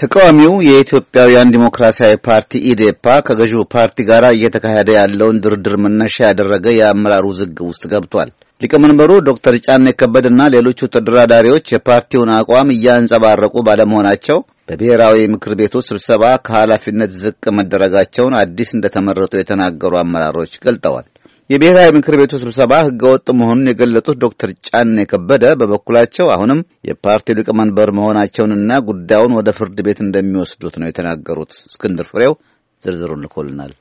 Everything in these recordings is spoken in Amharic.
ተቃዋሚው የኢትዮጵያውያን ዲሞክራሲያዊ ፓርቲ ኢዴፓ ከገዢው ፓርቲ ጋር እየተካሄደ ያለውን ድርድር መነሻ ያደረገ የአመራሩ ዝግ ውስጥ ገብቷል። ሊቀመንበሩ ዶክተር ጫኔ ከበድና ሌሎቹ ተደራዳሪዎች የፓርቲውን አቋም እያንጸባረቁ ባለመሆናቸው በብሔራዊ ምክር ቤቱ ስብሰባ ከኃላፊነት ዝቅ መደረጋቸውን አዲስ እንደተመረጡ የተናገሩ አመራሮች ገልጠዋል። የብሔራዊ ምክር ቤቱ ስብሰባ ህገወጥ መሆኑን የገለጹት ዶክተር ጫኔ ከበደ በበኩላቸው አሁንም የፓርቲው ሊቀመንበር መሆናቸውንና ጉዳዩን ወደ ፍርድ ቤት እንደሚወስዱት ነው የተናገሩት። እስክንድር ፍሬው ዝርዝሩን ልኮልናል።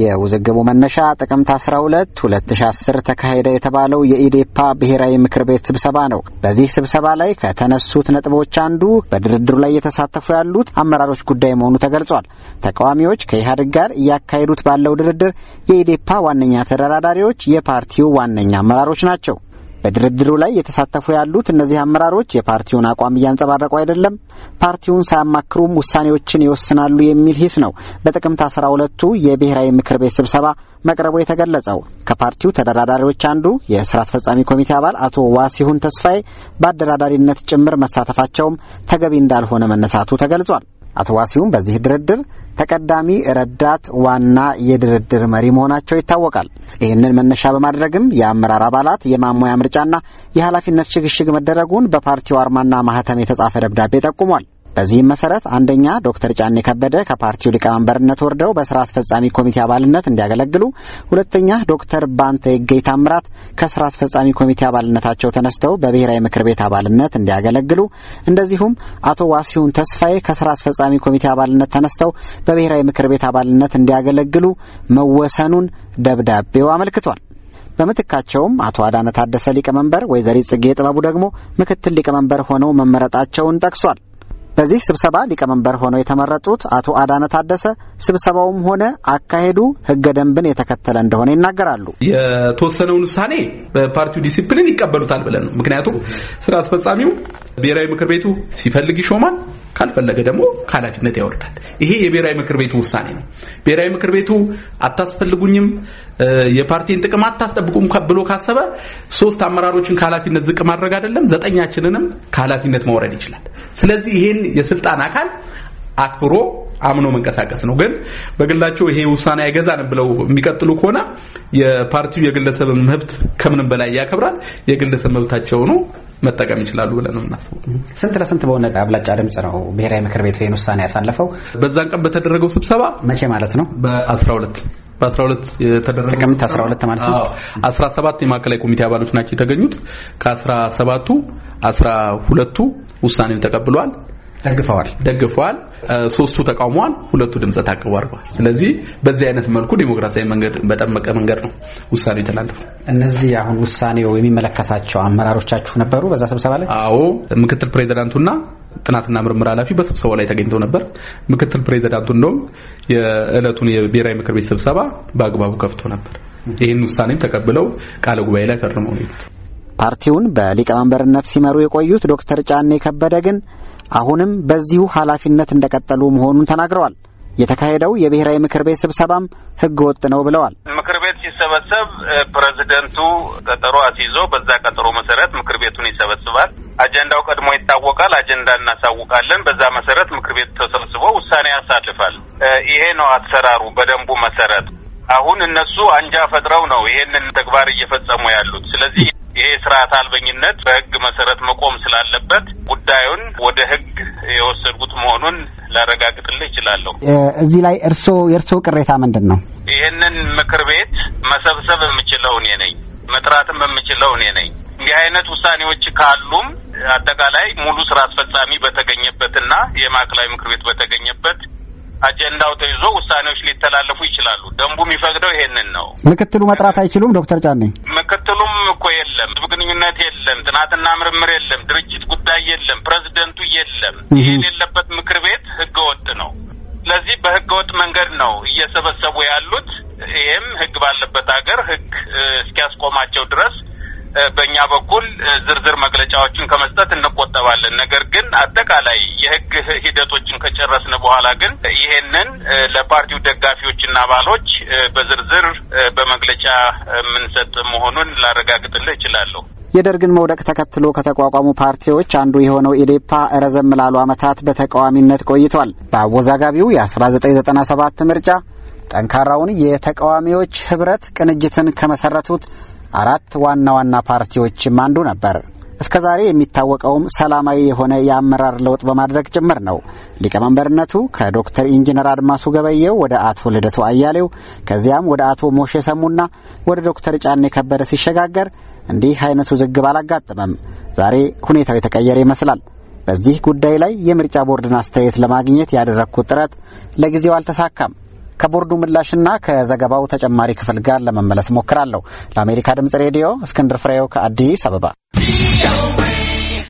የውዝግቡ መነሻ ጥቅምት 12 2010 ተካሄደ የተባለው የኢዴፓ ብሔራዊ ምክር ቤት ስብሰባ ነው። በዚህ ስብሰባ ላይ ከተነሱት ነጥቦች አንዱ በድርድሩ ላይ እየተሳተፉ ያሉት አመራሮች ጉዳይ መሆኑ ተገልጿል። ተቃዋሚዎች ከኢህአዴግ ጋር እያካሄዱት ባለው ድርድር የኢዴፓ ዋነኛ ተደራዳሪዎች የፓርቲው ዋነኛ አመራሮች ናቸው። በድርድሩ ላይ የተሳተፉ ያሉት እነዚህ አመራሮች የፓርቲውን አቋም እያንጸባረቁ አይደለም፣ ፓርቲውን ሳያማክሩም ውሳኔዎችን ይወስናሉ የሚል ሂስ ነው በጥቅምት አስራ ሁለቱ የብሔራዊ ምክር ቤት ስብሰባ መቅረቡ የተገለጸው። ከፓርቲው ተደራዳሪዎች አንዱ የስራ አስፈጻሚ ኮሚቴ አባል አቶ ዋሲሁን ተስፋዬ በአደራዳሪነት ጭምር መሳተፋቸውም ተገቢ እንዳልሆነ መነሳቱ ተገልጿል። አቶ ዋሲሁም በዚህ ድርድር ተቀዳሚ ረዳት ዋና የድርድር መሪ መሆናቸው ይታወቃል። ይህንን መነሻ በማድረግም የአመራር አባላት የማሟያ ምርጫና የኃላፊነት ሽግሽግ መደረጉን በፓርቲው አርማና ማህተም የተጻፈ ደብዳቤ ጠቁሟል። በዚህም መሰረት አንደኛ ዶክተር ጫኔ ከበደ ከፓርቲው ሊቀመንበርነት ወርደው በስራ አስፈጻሚ ኮሚቴ አባልነት እንዲያገለግሉ፣ ሁለተኛ ዶክተር ባንተ የገይ ታምራት ከስራ አስፈጻሚ ኮሚቴ አባልነታቸው ተነስተው በብሔራዊ ምክር ቤት አባልነት እንዲያገለግሉ፣ እንደዚሁም አቶ ዋሲሁን ተስፋዬ ከስራ አስፈጻሚ ኮሚቴ አባልነት ተነስተው በብሔራዊ ምክር ቤት አባልነት እንዲያገለግሉ መወሰኑን ደብዳቤው አመልክቷል። በምትካቸውም አቶ አዳነ ታደሰ ሊቀመንበር፣ ወይዘሪት ጽጌ ጥበቡ ደግሞ ምክትል ሊቀመንበር ሆነው መመረጣቸውን ጠቅሷል። በዚህ ስብሰባ ሊቀመንበር ሆነው የተመረጡት አቶ አዳነ ታደሰ ስብሰባውም ሆነ አካሄዱ ህገ ደንብን የተከተለ እንደሆነ ይናገራሉ። የተወሰነውን ውሳኔ በፓርቲው ዲሲፕሊን ይቀበሉታል ብለን ነው። ምክንያቱም ስራ አስፈጻሚው ብሔራዊ ምክር ቤቱ ሲፈልግ ይሾማል፣ ካልፈለገ ደግሞ ከኃላፊነት ያወርዳል። ይሄ የብሔራዊ ምክር ቤቱ ውሳኔ ነው። ብሔራዊ ምክር ቤቱ አታስፈልጉኝም፣ የፓርቲን ጥቅም አታስጠብቁም ብሎ ካሰበ ሶስት አመራሮችን ከኃላፊነት ዝቅ ማድረግ አይደለም፣ ዘጠኛችንንም ከኃላፊነት ማውረድ ይችላል። ስለዚህ ይሄን የስልጣን አካል አክብሮ አምኖ መንቀሳቀስ ነው። ግን በግላቸው ይሄ ውሳኔ አይገዛን ብለው የሚቀጥሉ ከሆነ የፓርቲው የግለሰብ መብት ከምንም በላይ ያከብራል። የግለሰብ መብታቸው ነው መጠቀም ይችላሉ ብለን ነው የምናስበው። ስንት ለስንት በሆነ አብላጫ ድምጽ ነው ብሔራዊ ምክር ቤቱ ይህን ውሳኔ ያሳለፈው። በዛን ቀን በተደረገው ስብሰባ መቼ ማለት ነው? በ12 በ12 የተደረገው ጥቅምት 12 ማለት ነው። 17 የማዕከላዊ ኮሚቴ አባሎች ናቸው የተገኙት። ከ17ቱ 12ቱ ውሳኔውን ተቀብሏል። ደግፈዋል ደግፈዋል። ሶስቱ ተቃውሟል፣ ሁለቱ ድምፀ ታቅቦ አድርገዋል። ስለዚህ በዚህ አይነት መልኩ ዴሞክራሲያዊ መንገድ በጠመቀ መንገድ ነው ውሳኔው የተላለፉ እነዚህ አሁን ውሳኔው የሚመለከታቸው አመራሮቻችሁ ነበሩ በዛ ስብሰባ ላይ? አዎ፣ ምክትል ፕሬዚዳንቱና ጥናትና ምርምር ኃላፊ በስብሰባው ላይ ተገኝተው ነበር። ምክትል ፕሬዚዳንቱ እንደውም የእለቱን የብሔራዊ ምክር ቤት ስብሰባ በአግባቡ ከፍቶ ነበር። ይህን ውሳኔም ተቀብለው ቃለ ጉባኤ ላይ ፈርመው ነው ፓርቲውን በሊቀመንበርነት ሲመሩ የቆዩት ዶክተር ጫኔ ከበደ ግን አሁንም በዚሁ ኃላፊነት እንደቀጠሉ መሆኑን ተናግረዋል። የተካሄደው የብሔራዊ ምክር ቤት ስብሰባም ሕገ ወጥ ነው ብለዋል። ምክር ቤት ሲሰበሰብ ፕሬዚደንቱ ቀጠሮ አስይዞ በዛ ቀጠሮ መሰረት ምክር ቤቱን ይሰበስባል። አጀንዳው ቀድሞ ይታወቃል። አጀንዳ እናሳውቃለን። በዛ መሰረት ምክር ቤቱ ተሰብስቦ ውሳኔ ያሳልፋል። ይሄ ነው አሰራሩ በደንቡ መሰረት። አሁን እነሱ አንጃ ፈጥረው ነው ይሄንን ተግባር እየፈጸሙ ያሉት። ስለዚህ ስርዓት አልበኝነት በህግ መሰረት መቆም ስላለበት ጉዳዩን ወደ ህግ የወሰድኩት መሆኑን ላረጋግጥልህ እችላለሁ። እዚህ ላይ እርስዎ የእርስዎ ቅሬታ ምንድን ነው? ይህንን ምክር ቤት መሰብሰብ የምችለው እኔ ነኝ፣ መጥራትም የምችለው እኔ ነኝ። እንዲህ አይነት ውሳኔዎች ካሉም አጠቃላይ ሙሉ ስራ አስፈጻሚ በተገኘበትና የማዕከላዊ ምክር ቤት በተገኘበት አጀንዳው ተይዞ ውሳኔዎች ሊተላለፉ ይችላሉ። ደንቡ የሚፈቅደው ይሄንን ነው። ምክትሉ መጥራት አይችሉም ዶክተር ጫኔ ግንኙነት የለም፣ ጥናትና ምርምር የለም፣ ድርጅት ጉዳይ የለም፣ ፕሬዚደንቱ የለም። ይህ የሌለበት ምክር ቤት ህገወጥ ነው። ስለዚህ በህገወጥ መንገድ ነው እየሰበሰቡ ያሉት። ይህም ህግ ባለበት ሀገር ህግ እስኪያስቆማቸው ድረስ በእኛ በኩል ዝርዝር መግለጫዎችን ከመስጠት እንቆጠባለን። ነገር ግን አጠቃላይ የህግ ሂደቶችን ከጨረስን በኋላ ግን ይሄንን ለፓርቲው ደጋፊዎችና አባሎች በዝርዝር በመግለጫ የምንሰጥ መሆኑን ላረጋግጥልህ እችላለሁ። የደርግን መውደቅ ተከትሎ ከተቋቋሙ ፓርቲዎች አንዱ የሆነው ኢዴፓ ረዘም ላሉ ዓመታት በተቃዋሚነት ቆይቷል። በአወዛጋቢው የ1997 ምርጫ ጠንካራውን የተቃዋሚዎች ህብረት ቅንጅትን ከመሰረቱት አራት ዋና ዋና ፓርቲዎችም አንዱ ነበር። እስከ ዛሬ የሚታወቀውም ሰላማዊ የሆነ የአመራር ለውጥ በማድረግ ጭምር ነው። ሊቀመንበርነቱ ከዶክተር ኢንጂነር አድማሱ ገበየው ወደ አቶ ልደቱ አያሌው፣ ከዚያም ወደ አቶ ሞሼ ሰሙና ወደ ዶክተር ጫኔ ከበደ ሲሸጋገር እንዲህ አይነቱ ውዝግብ አላጋጠመም። ዛሬ ሁኔታው የተቀየረ ይመስላል። በዚህ ጉዳይ ላይ የምርጫ ቦርድን አስተያየት ለማግኘት ያደረግኩት ጥረት ለጊዜው አልተሳካም። ከቦርዱ ምላሽና ከዘገባው ተጨማሪ ክፍል ጋር ለመመለስ ሞክራለሁ። ለአሜሪካ ድምጽ ሬዲዮ እስክንድር ፍሬው ከአዲስ አበባ